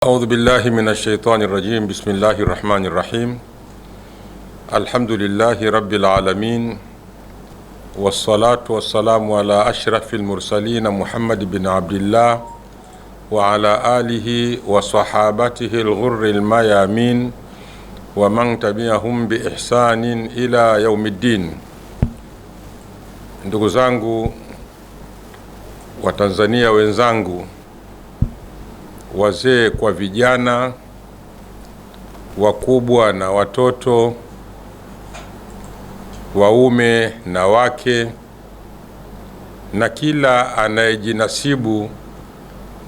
أعوذ بالله من الشيطان الرجيم بسم الله الرحمن الرحيم الحمد لله رب العالمين والصلاة والسلام على أشرف المرسلين محمد بن عبد الله وعلى آله وصحابته الغر الميامين ومن تبعهم بإحسان إلى يوم الدين ndugu zangu watanzania wenzangu wazee kwa vijana, wakubwa na watoto, waume na wake, na kila anayejinasibu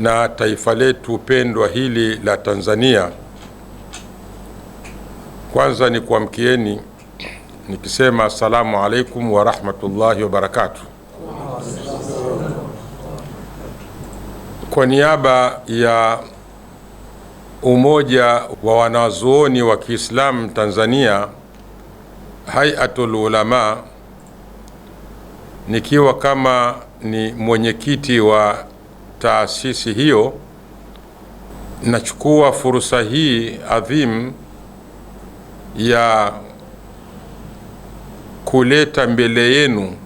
na taifa letu pendwa hili la Tanzania. Kwanza ni kuamkieni nikisema assalamu alaikum wa rahmatullahi wa barakatuh. Kwa niaba ya Umoja wa Wanazuoni wa Kiislamu Tanzania, Hayatul Ulama, nikiwa kama ni mwenyekiti wa taasisi hiyo, nachukua fursa hii adhimu ya kuleta mbele yenu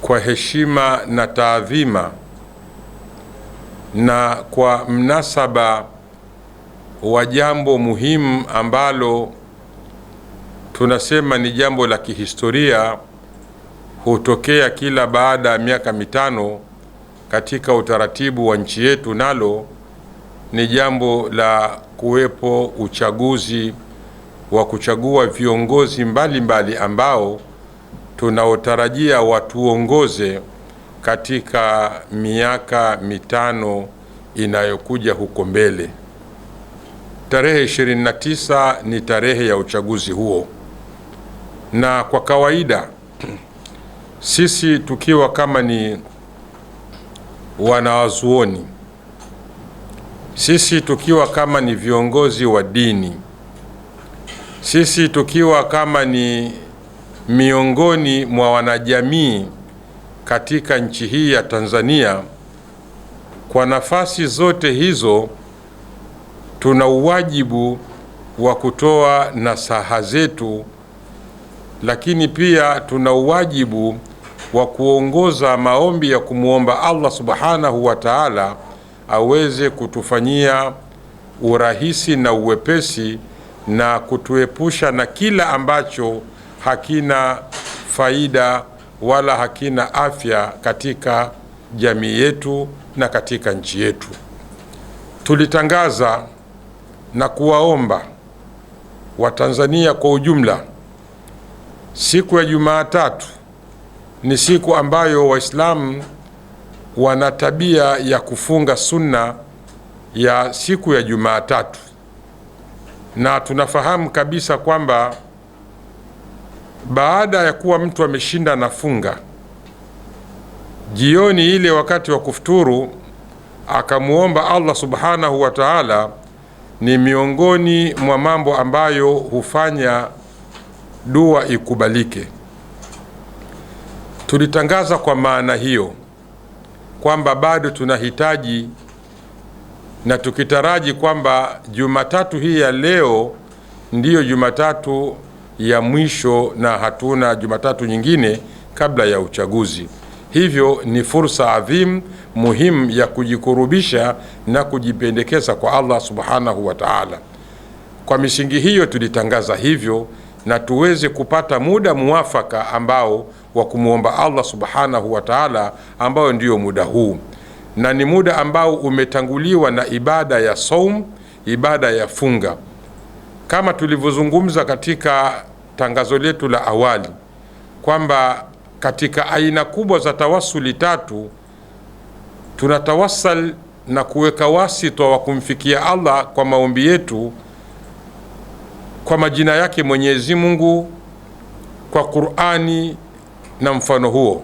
kwa heshima na taadhima na kwa mnasaba wa jambo muhimu ambalo tunasema ni jambo la kihistoria, hutokea kila baada ya miaka mitano katika utaratibu wa nchi yetu, nalo ni jambo la kuwepo uchaguzi wa kuchagua viongozi mbalimbali mbali ambao tunaotarajia watuongoze katika miaka mitano inayokuja huko mbele. Tarehe 29 ni tarehe ya uchaguzi huo, na kwa kawaida sisi tukiwa kama ni wanawazuoni, sisi tukiwa kama ni viongozi wa dini, sisi tukiwa kama ni miongoni mwa wanajamii katika nchi hii ya Tanzania. Kwa nafasi zote hizo, tuna uwajibu wa kutoa nasaha zetu, lakini pia tuna uwajibu wa kuongoza maombi ya kumwomba Allah subhanahu wa taala aweze kutufanyia urahisi na uwepesi na kutuepusha na kila ambacho hakina faida wala hakina afya katika jamii yetu na katika nchi yetu. Tulitangaza na kuwaomba Watanzania kwa ujumla, siku ya Jumatatu ni siku ambayo Waislamu wana tabia ya kufunga sunna ya siku ya Jumatatu, na tunafahamu kabisa kwamba baada ya kuwa mtu ameshinda nafunga jioni ile wakati wa kufuturu akamwomba Allah subhanahu wa taala, ni miongoni mwa mambo ambayo hufanya dua ikubalike. Tulitangaza kwa maana hiyo kwamba bado tunahitaji na tukitaraji kwamba Jumatatu hii ya leo ndiyo Jumatatu ya mwisho na hatuna Jumatatu nyingine kabla ya uchaguzi. Hivyo ni fursa adhimu muhimu ya kujikurubisha na kujipendekeza kwa Allah subhanahu wa ta'ala. Kwa misingi hiyo tulitangaza hivyo na tuweze kupata muda muwafaka ambao wa kumwomba Allah subhanahu wa ta'ala, ambao ndio muda huu, na ni muda ambao umetanguliwa na ibada ya saum, ibada ya funga, kama tulivyozungumza katika tangazo letu la awali kwamba katika aina kubwa za tawasuli tatu tunatawasal na kuweka wasita wa kumfikia Allah kwa maombi yetu kwa majina yake Mwenyezi Mungu, kwa Qur'ani na mfano huo,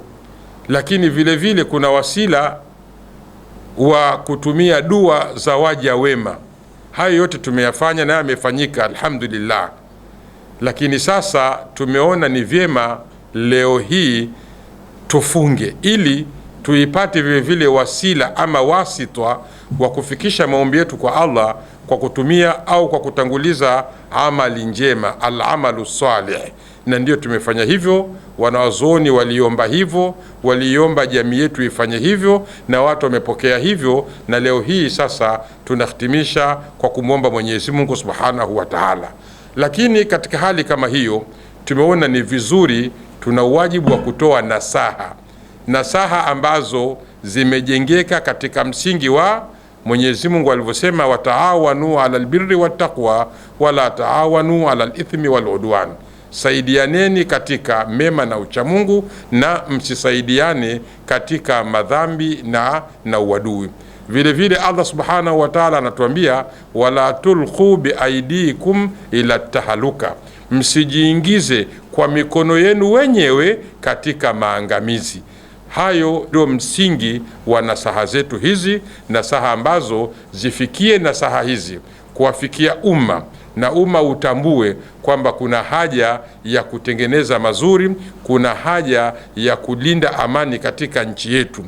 lakini vile vile kuna wasila wa kutumia dua za waja wema. Hayo yote tumeyafanya na yamefanyika, alhamdulillah lakini sasa tumeona ni vyema leo hii tufunge ili tuipate vile vile wasila ama wasitwa wa kufikisha maombi yetu kwa Allah kwa kutumia au kwa kutanguliza amali njema, alamalu salih. Na ndio tumefanya hivyo, wanawazuoni waliomba hivyo, waliomba jamii yetu ifanye hivyo, na watu wamepokea hivyo, na leo hii sasa tunahitimisha kwa kumwomba Mwenyezi Mungu subhanahu wa taala. Lakini katika hali kama hiyo, tumeona ni vizuri, tuna uwajibu wa kutoa nasaha, nasaha ambazo zimejengeka katika msingi wa Mwenyezi Mungu alivyosema, wataawanu alal birri wattaqwa wala taawanu alal ithmi wal udwan, saidianeni katika mema na uchamungu na msisaidiane katika madhambi na na uadui. Vile vile Allah subhanahu wa taala anatuambia, wala tulqu biaidikum ila tahaluka, msijiingize kwa mikono yenu wenyewe katika maangamizi. Hayo ndio msingi wa nasaha zetu hizi, nasaha ambazo zifikie nasaha hizi kuwafikia umma na umma utambue kwamba kuna haja ya kutengeneza mazuri, kuna haja ya kulinda amani katika nchi yetu.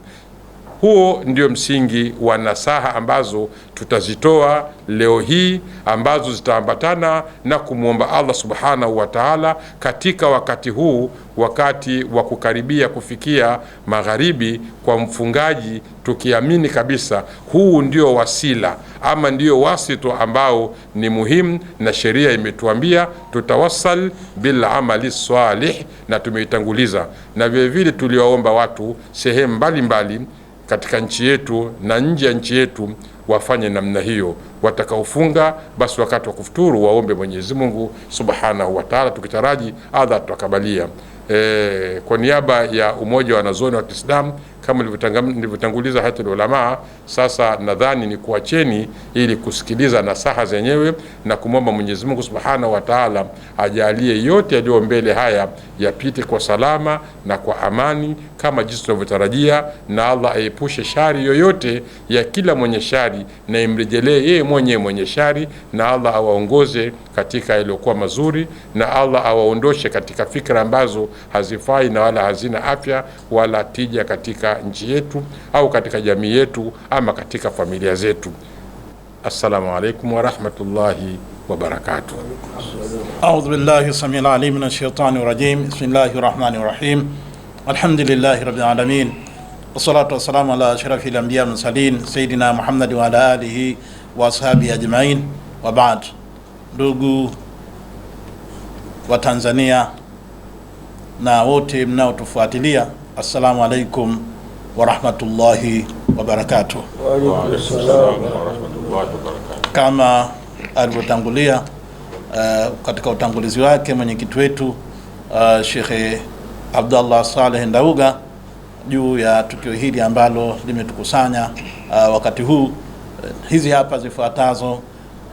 Huo ndio msingi wa nasaha ambazo tutazitoa leo hii ambazo zitaambatana na kumwomba Allah subhanahu wa taala katika wakati huu, wakati wa kukaribia kufikia magharibi kwa mfungaji, tukiamini kabisa huu ndio wasila ama ndio wasito ambao ni muhimu, na sheria imetuambia tutawasal bil amali salih, na tumeitanguliza na vilevile tuliwaomba watu sehemu mbalimbali katika nchi yetu na nje ya nchi yetu wafanye namna hiyo. Watakaofunga basi wakati wa kufuturu waombe Mwenyezi Mungu Subhanahu wa Ta'ala, tukitaraji adha tutakabalia. E, kwa niaba ya Umoja wa Wanazuoni wa Kiislamu kama nilivyotanguliza hatul ulamaa. Sasa nadhani ni kuacheni ili kusikiliza nasaha zenyewe na kumwomba Mwenyezi Mungu Subhanahu wa Ta'ala ajalie yote yaliyo mbele haya yapite kwa salama na kwa amani kama jinsi tunavyotarajia, na Allah aepushe shari yoyote ya kila mwenye shari na imrejelee yeye mwenye mwenye shari, na Allah awaongoze katika yaliyokuwa mazuri, na Allah awaondoshe katika fikra ambazo hazifai na wala hazina afya wala tija katika nchi yetu au katika jamii yetu ama katika familia zetu. Assalamu alaikum warahmatullahi wabarakatuh. Audhu billahi samiil alim min ashaitani rajim. Bismillahi rahmani rahim. Alhamdulillahi rabbil alamin wassalatu wassalamu ala ashrafil anbiya mursalin sayidina Muhammad wa ala alihi wa ashabihi ajmain wa baad. Ndugu wa Tanzania na wote mnaotufuatilia, assalamu alaikum wa rahmatullahi wa barakatuh. Kama alivyotangulia uh, katika utangulizi wake mwenyekiti wetu uh, Shekhe Abdallah Saleh Ndauga juu ya tukio hili ambalo limetukusanya uh, wakati huu uh, hizi hapa zifuatazo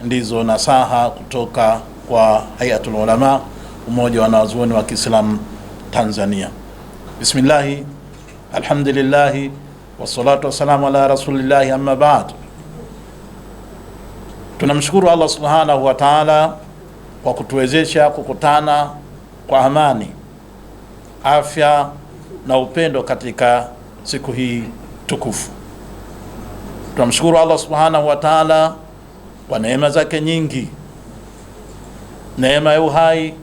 ndizo nasaha kutoka kwa Hayatul Ulama, umoja wa wanawazuoni wa Kiislamu Tanzania. Bismillahi Alhamdulillahi wassalatu wassalamu ala rasulillahi, amma Tunamshukuru Allah subhanahu wa taala kwa kutuwezesha kukutana kwa amani, afya na upendo katika siku hii tukufu. Tunamshukuru Allah subhanahu wa taala kwa neema zake nyingi, neema ya uhai,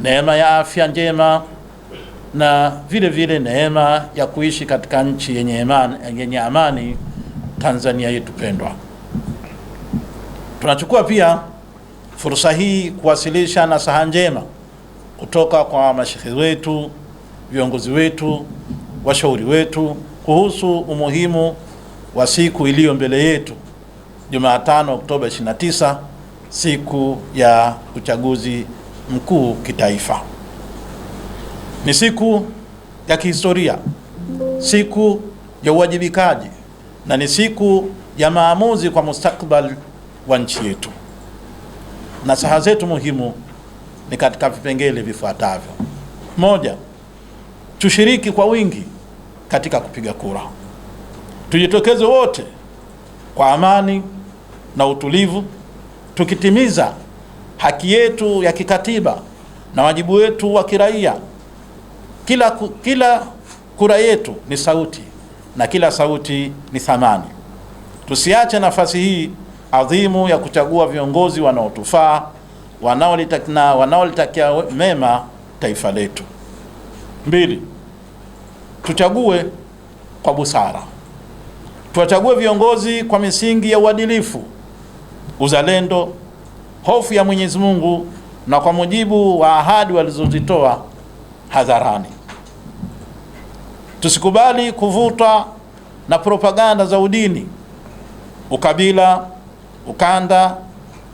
neema ya afya njema na vile vile neema ya kuishi katika nchi yenye amani, yenye amani Tanzania yetu pendwa. Tunachukua pia fursa hii kuwasilisha nasaha njema kutoka kwa mashehe wetu, viongozi wetu, washauri wetu kuhusu umuhimu wa siku iliyo mbele yetu, Jumatano Oktoba 29, siku ya uchaguzi mkuu kitaifa. Ni siku ya kihistoria, siku ya uwajibikaji na ni siku ya maamuzi kwa mustakbal wa nchi yetu. Nasaha zetu muhimu ni katika vipengele vifuatavyo: moja, tushiriki kwa wingi katika kupiga kura, tujitokeze wote kwa amani na utulivu, tukitimiza haki yetu ya kikatiba na wajibu wetu wa kiraia kila, kila kura yetu ni sauti na kila sauti ni thamani. Tusiache nafasi hii adhimu ya kuchagua viongozi wanaotufaa, wanaolitakia wanaolitakia mema taifa letu. Mbili, tuchague kwa busara. Tuwachague viongozi kwa misingi ya uadilifu, uzalendo, hofu ya Mwenyezi Mungu na kwa mujibu wa ahadi walizozitoa hadharani. Tusikubali kuvutwa na propaganda za udini, ukabila, ukanda,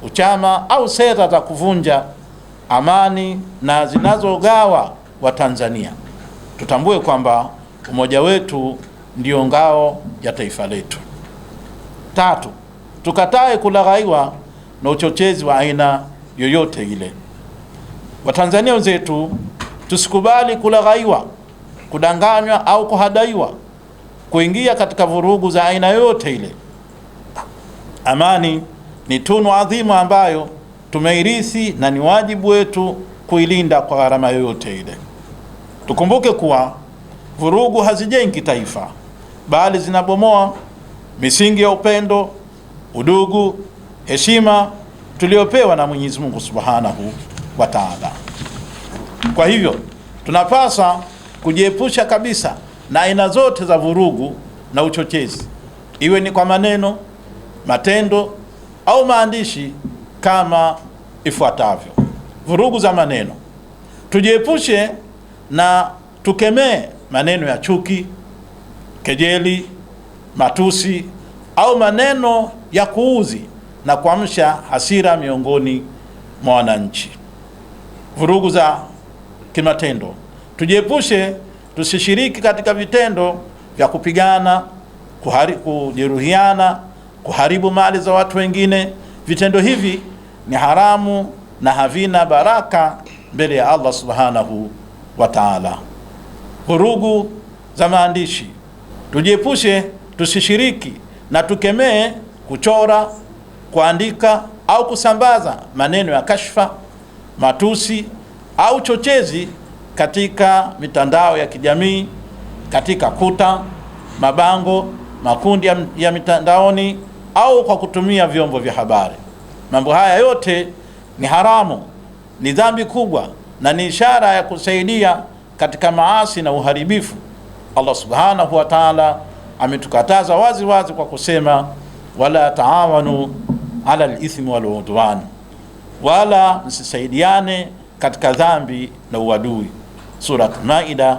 uchama au sera za kuvunja amani na zinazogawa Watanzania. Tutambue kwamba umoja wetu ndio ngao ya taifa letu. Tatu, tukatae kulaghaiwa na uchochezi wa aina yoyote ile. Watanzania wenzetu, tusikubali kulaghaiwa kudanganywa au kuhadaiwa, kuingia katika vurugu za aina yoyote ile. Amani ni tunu adhimu ambayo tumeirithi na ni wajibu wetu kuilinda kwa gharama yoyote ile. Tukumbuke kuwa vurugu hazijengi taifa, bali zinabomoa misingi ya upendo, udugu, heshima tuliopewa na Mwenyezi Mungu Subhanahu wa Ta'ala. Kwa hivyo tunapasa kujiepusha kabisa na aina zote za vurugu na uchochezi, iwe ni kwa maneno, matendo au maandishi kama ifuatavyo. Vurugu za maneno, tujiepushe na tukemee maneno ya chuki, kejeli, matusi au maneno ya kuuzi na kuamsha hasira miongoni mwa wananchi. Vurugu za kimatendo Tujiepushe tusishiriki katika vitendo vya kupigana, kuhari, kujeruhiana, kuharibu mali za watu wengine. Vitendo hivi ni haramu na havina baraka mbele ya Allah subhanahu wa ta'ala. Vurugu za maandishi, tujiepushe tusishiriki na tukemee kuchora, kuandika au kusambaza maneno ya kashfa, matusi au chochezi katika mitandao ya kijamii, katika kuta, mabango, makundi ya, ya mitandaoni au kwa kutumia vyombo vya habari. Mambo haya yote ni haramu, ni dhambi kubwa na ni ishara ya kusaidia katika maasi na uharibifu. Allah subhanahu wa ta'ala ametukataza wazi wazi kwa kusema, wala taawanu ala lithmi wal udwan, wala msisaidiane katika dhambi na uadui. Surat Maida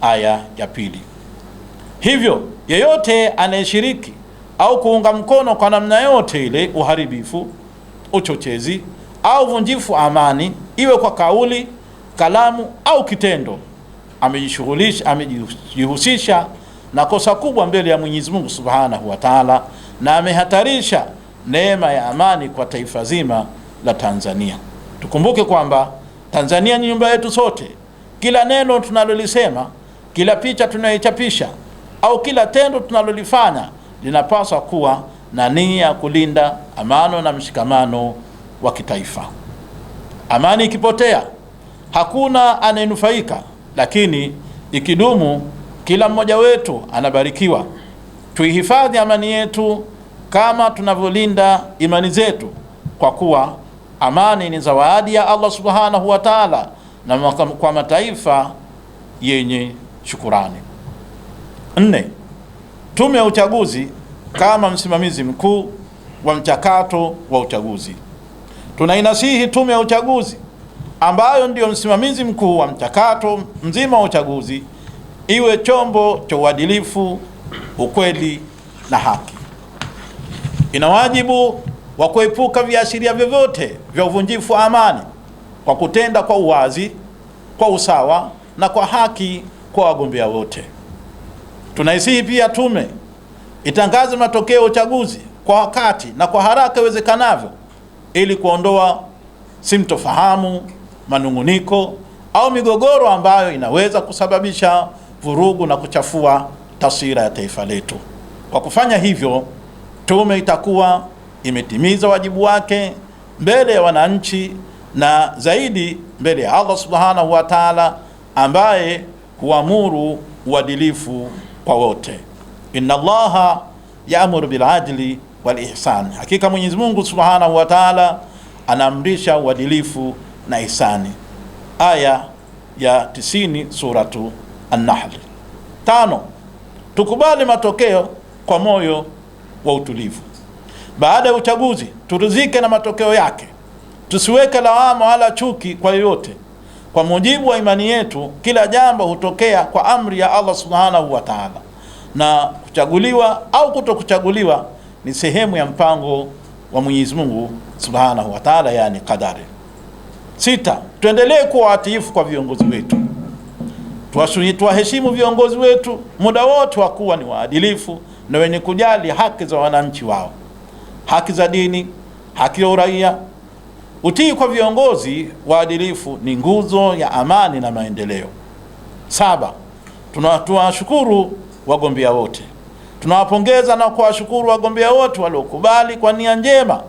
aya ya pili. Hivyo yeyote anayeshiriki au kuunga mkono kwa namna yote ile uharibifu, uchochezi au vunjifu amani, iwe kwa kauli, kalamu au kitendo, amejishughulisha amejihusisha na kosa kubwa mbele ya Mwenyezi Mungu Subhanahu wa Ta'ala, na amehatarisha neema ya amani kwa taifa zima la Tanzania. Tukumbuke kwamba Tanzania ni nyumba yetu sote kila neno tunalolisema, kila picha tunayoichapisha au kila tendo tunalolifanya linapaswa kuwa na nia ya kulinda amani na mshikamano wa kitaifa. Amani ikipotea, hakuna anayenufaika, lakini ikidumu, kila mmoja wetu anabarikiwa. Tuihifadhi amani yetu kama tunavyolinda imani zetu, kwa kuwa amani ni zawadi ya Allah subhanahu wa ta'ala na kwa mataifa yenye shukurani. Nne, Tume ya Uchaguzi kama msimamizi mkuu wa mchakato wa uchaguzi, tunainasihi Tume ya Uchaguzi ambayo ndiyo msimamizi mkuu wa mchakato mzima wa uchaguzi iwe chombo cha uadilifu, ukweli na haki. Ina wajibu wa kuepuka viashiria vyovyote vya uvunjifu wa amani kwa kutenda kwa uwazi, kwa usawa na kwa haki kwa wagombea wote. Tunaisihi pia tume itangaze matokeo ya uchaguzi kwa wakati na kwa haraka iwezekanavyo ili kuondoa simtofahamu, manunguniko au migogoro ambayo inaweza kusababisha vurugu na kuchafua taswira ya taifa letu. Kwa kufanya hivyo, tume itakuwa imetimiza wajibu wake mbele ya wananchi na zaidi mbele ya Allah subhanahu wa ta'ala, ambaye huamuru uadilifu kwa wote. Inna Allaha yaamuru bil adli wal ihsan, hakika Mwenyezi Mungu subhanahu wa ta'ala anaamrisha uadilifu na ihsani. Aya ya 90 suratu An-Nahl. Tano, tukubali matokeo kwa moyo wa utulivu. Baada ya uchaguzi, turizike na matokeo yake Tusiweke lawama wala chuki kwa yoyote. Kwa mujibu wa imani yetu, kila jambo hutokea kwa amri ya Allah subhanahu wa taala, na kuchaguliwa au kuto kuchaguliwa ni sehemu ya mpango wa Mwenyezi Mungu subhanahu wa taala, yani kadari. Sita, tuendelee kuwa watiifu kwa viongozi wetu, tuwaheshimu viongozi wetu muda wote wa kuwa ni waadilifu na wenye kujali haki za wananchi wao, haki za dini, haki ya uraia Utii kwa viongozi waadilifu ni nguzo ya amani na maendeleo. Saba, tunawashukuru wagombea wote, tunawapongeza na kuwashukuru wagombea wote waliokubali kwa nia njema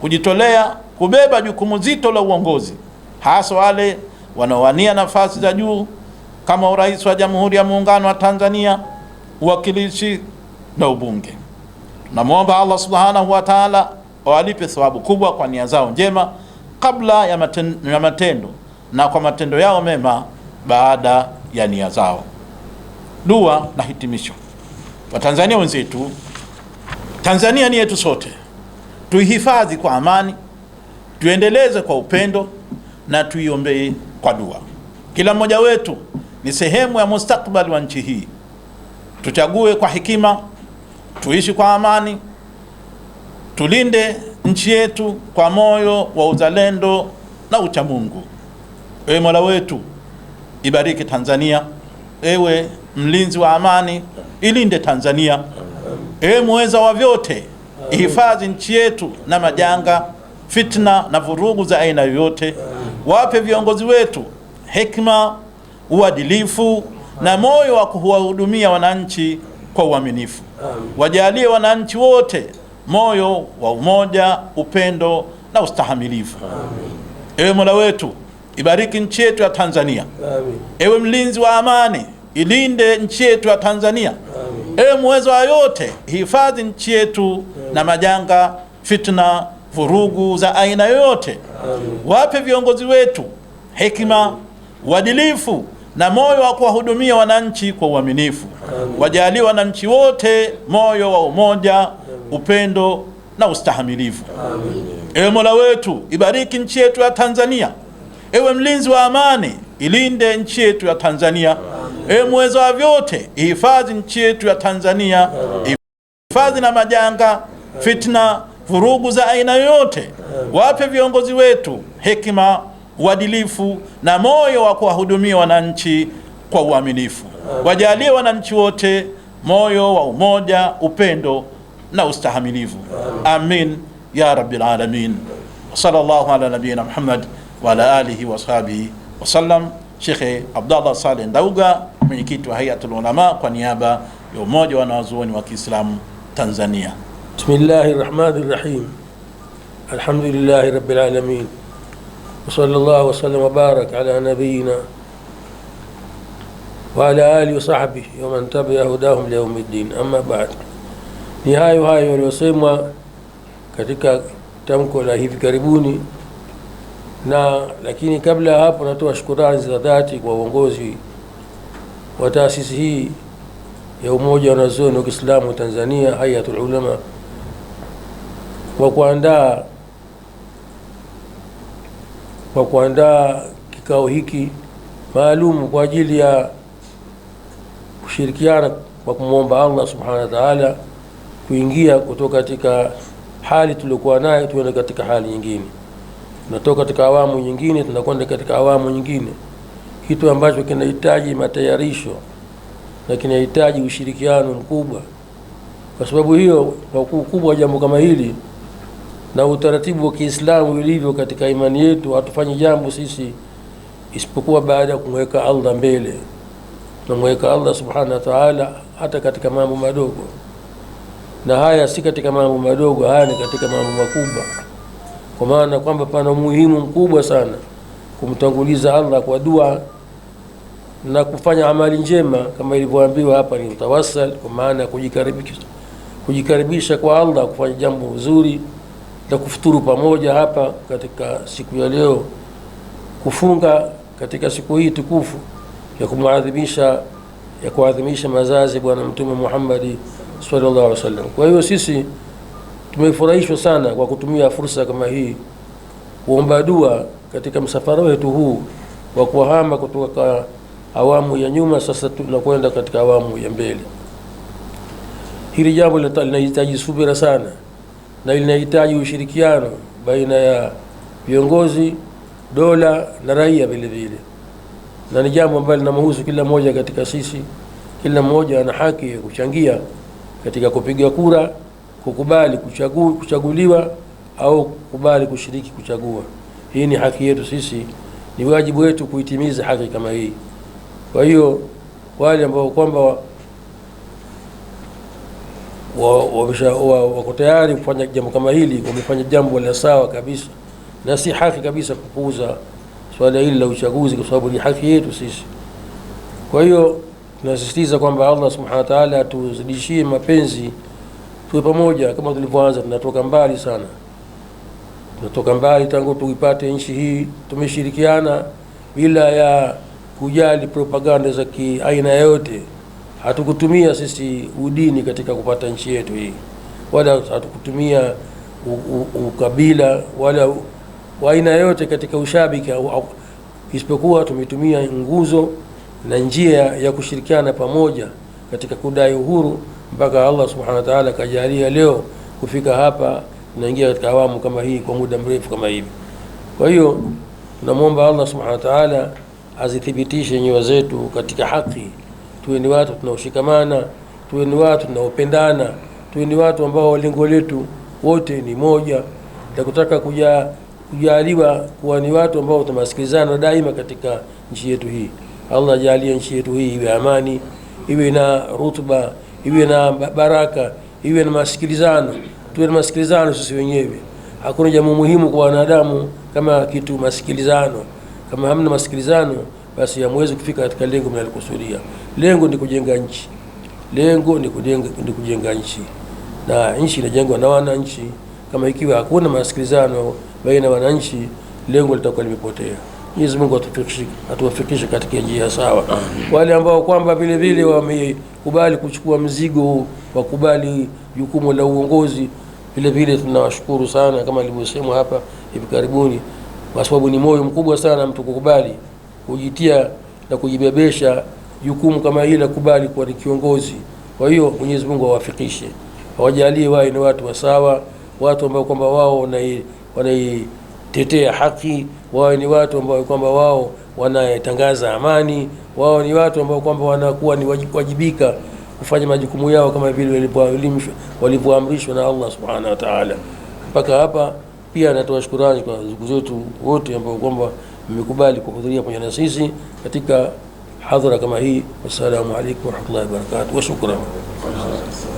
kujitolea kubeba jukumu zito la uongozi, hasa wale wanaowania nafasi za juu kama urais wa Jamhuri ya Muungano wa Tanzania, uwakilishi na ubunge. Tunamwomba Allah subhanahu wa taala awalipe thawabu kubwa kwa nia zao njema kabla ya matendo, ya matendo na kwa matendo yao mema baada ya nia zao. Dua na hitimisho. Watanzania wenzetu, Tanzania ni yetu sote, tuihifadhi kwa amani, tuendeleze kwa upendo na tuiombee kwa dua. Kila mmoja wetu ni sehemu ya mustakbali wa nchi hii. Tuchague kwa hekima, tuishi kwa amani, tulinde nchi yetu kwa moyo wa uzalendo na uchamungu. Ewe Mola wetu, ibariki Tanzania. Ewe mlinzi wa amani, ilinde Tanzania. Ewe muweza wa vyote, ihifadhi nchi yetu na majanga, fitna na vurugu za aina yoyote. Wape viongozi wetu hekima, uadilifu na moyo wa kuwahudumia wananchi kwa uaminifu. Wajalie wananchi wote moyo wa umoja, upendo na ustahamilivu. Amin. Ewe Mola wetu, ibariki nchi yetu ya Tanzania. Amin. Ewe mlinzi wa amani, ilinde nchi yetu ya Tanzania. Amin. Ewe mwezo wa yote, hifadhi nchi yetu na majanga, fitna, vurugu za aina yoyote. Amin. Wape viongozi wetu hekima, uadilifu na moyo wa kuwahudumia wananchi kwa uaminifu. Wajalie wananchi wote moyo wa umoja upendo na ustahamilivu. Ewe Mola wetu, ibariki nchi yetu ya Tanzania. Ewe mlinzi wa amani, ilinde nchi yetu ya Tanzania. Ewe mwezo wa vyote, ihifadhi nchi yetu ya Tanzania, ihifadhi na majanga, fitna, vurugu za aina yoyote. Wape viongozi wetu hekima, uadilifu na moyo wa kuwahudumia wananchi kwa uaminifu. Wajalie wananchi wote moyo wa umoja, upendo na ustahamilivu. Amin ya rabbil alamin. Sallallahu ala nabiyina Muhammad wa ala alihi wa sahbihi wasallam. Shekhe Abdallah Saleh Ndauga, mwenyekiti wa Hayatul Ulama, kwa niaba ya umoja wa wanazuoni wa Kiislamu Tanzania. Bismillahir Rahmanir Rahim. Alhamdulillahi rabbil alamin. وصلى الله وسلم وبارك على نبينا وعلى آله وصحبه ومن تبع هداهم ليوم الدين أما بعد Ni hayo hayo yaliyosemwa katika tamko la hivi karibuni, na lakini kabla ya hapo, natoa shukurani za dhati kwa uongozi wa taasisi hii ya Umoja wa nazoni wa Kiislamu Tanzania, Hayatul Ulama, kwa kuandaa kwa kuandaa kikao hiki maalum kwa ajili ya kushirikiana kwa kumwomba Allah subhana wa ta'ala kuingia kutoka katika hali tuliokuwa nayo tuende katika hali nyingine, tunatoka katika awamu nyingine tunakwenda katika awamu nyingine, kitu ambacho kinahitaji matayarisho na kinahitaji ushirikiano mkubwa. Kwa sababu hiyo, kwa ukubwa wa jambo kama hili na utaratibu wa Kiislamu ilivyo katika imani yetu, hatufanyi jambo sisi isipokuwa baada ya kumweka Allah mbele, tunamweka Allah subhanahu wa ta'ala hata katika mambo madogo na haya si katika mambo madogo, haya ni katika mambo makubwa, kwa maana kwamba pana umuhimu mkubwa sana kumtanguliza Allah kwa dua na kufanya amali njema kama ilivyoambiwa hapa, ni utawassal, kwa maana ya kujikaribisha, kujikaribisha kwa Allah, kufanya jambo zuri na kufuturu pamoja hapa katika siku ya leo, kufunga katika siku hii tukufu ya kumwadhimisha ya kuadhimisha mazazi Bwana Mtume Muhammad sallallahu alaihi wasallam. Kwa hiyo sisi tumefurahishwa sana kwa kutumia fursa kama hii kuomba dua katika msafara wetu huu wa kuhama kutoka awamu ya nyuma, sasa tunakwenda katika awamu ya mbele. Hili jambo linahitaji subira sana na linahitaji ushirikiano baina ya viongozi, dola na raia vile vile, na ni jambo ambalo linamhusu kila mmoja katika sisi. Kila mmoja ana haki ya kuchangia katika kupiga kura, kukubali kuchagu, kuchaguliwa au kukubali kushiriki kuchagua. Hii ni haki yetu sisi, ni wajibu wetu kuitimiza haki kama hii. Kwa hiyo wale ambao kwamba wako tayari kufanya jambo kama hili wamefanya jambo la sawa kabisa, na si haki kabisa kupuuza swala hili la uchaguzi, kwa sababu ni haki yetu sisi. Kwa hiyo tunasisitiza kwamba Allah subhanahu wa ta'ala atuzidishie mapenzi, tuwe pamoja kama tulivyoanza. Tunatoka mbali sana, tunatoka mbali tangu tuipate nchi hii, tumeshirikiana bila ya kujali propaganda za kiaina yoyote. Hatukutumia sisi udini katika kupata nchi yetu hii, wala hatukutumia ukabila wala aina yoyote katika ushabiki, isipokuwa tumetumia nguzo na njia ya kushirikiana pamoja katika kudai uhuru mpaka Allah subhanahu wa ta'ala akajalia leo kufika hapa, tunaingia katika awamu kama hii kwa muda mrefu kama hivi. Kwa hiyo tunamwomba Allah subhanahu wa ta'ala azithibitishe nyoyo zetu katika haki, tuwe ni watu tunaoshikamana, tuwe ni watu tunaopendana, tuwe ni watu ambao lengo letu wote ni moja na kutaka kuja kujaliwa kuwa ni watu ambao tunasikilizana daima katika nchi yetu hii. Allah jalie nchi yetu hii iwe amani, iwe na rutuba, iwe na baraka, iwe na masikilizano, tuwe na masikilizano sisi wenyewe. Hakuna jambo muhimu kwa wanadamu kama kitu masikilizano. Kama hamna masikilizano, basi hamwezi kufika katika lengo mnalokusudia. Lengo ni kujenga nchi, lengo ni kujenga, ni kujenga nchi, na nchi inajengwa na wananchi. Kama ikiwa hakuna masikilizano baina ya wananchi, lengo litakuwa limepotea. Mwenyezi Mungu atuwafikishe katika njia sawa. Wale ambao kwamba vile vile wamekubali kuchukua mzigo, wakubali jukumu la uongozi vile vile, tunawashukuru sana, kama alivyosema hapa hivi karibuni, kwa sababu ni moyo mkubwa sana mtu kukubali kujitia na kujibebesha jukumu kama ile, kubali kuwa ni kiongozi. Kwa hiyo Mwenyezi Mungu awafikishe, awajalie wawe ni watu wasawa, watu ambao kwamba wao wanaitetea haki wawe ni watu ambao kwamba wao wanatangaza amani, wao ni watu ambao kwamba wanakuwa ni wajibika kufanya majukumu yao kama vile walivyoamrishwa na Allah subhanahu wa ta'ala. Mpaka hapa pia natoa shukurani kwa ndugu zetu wote ambao kwamba mmekubali kuhudhuria pamoja na sisi katika hadhara kama hii. Wassalamu alaykum warahmatullahi wabarakatuh, wa